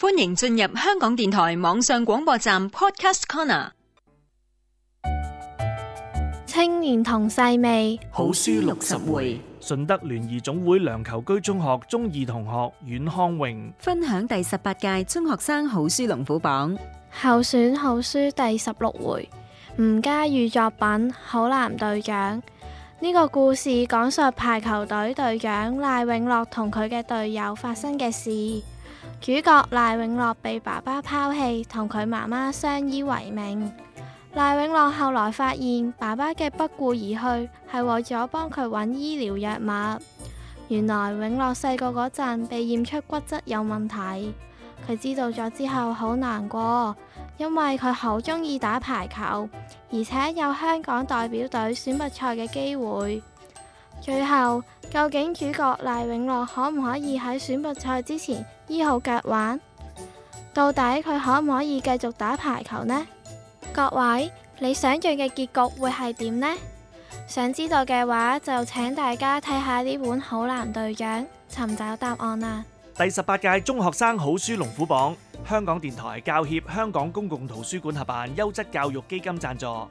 歡迎進入香港電台網上廣播站 Podcast Corner。青年同細味好書六十回。順德聯誼總會梁銶琚中學中二同學阮康穎分享第十八屆中學生好書龍虎榜候選好書第十六回吳嘉榆作品《好男隊長》呢、這個故事講述排球隊隊長賴永樂同佢嘅隊友發生嘅事。主角賴永樂被爸爸拋棄，同佢媽媽相依為命。賴永樂後來發現爸爸嘅不顧而去係為咗幫佢揾醫療藥物。原來永樂細個嗰陣被驗出骨質有問題，佢知道咗之後好難過，因為佢好中意打排球，而且有香港代表隊選拔賽嘅機會。最後。究竟主角賴永樂可唔可以喺選拔賽之前醫好腳患？到底佢可唔可以繼續打排球呢？各位，你想象嘅結局會係點呢？想知道嘅話，就請大家睇下呢本《好男隊長》，尋找答案啦！第十八屆中學生好書龍虎榜，香港電台教協、香港公共圖書館合辦，優質教育基金贊助。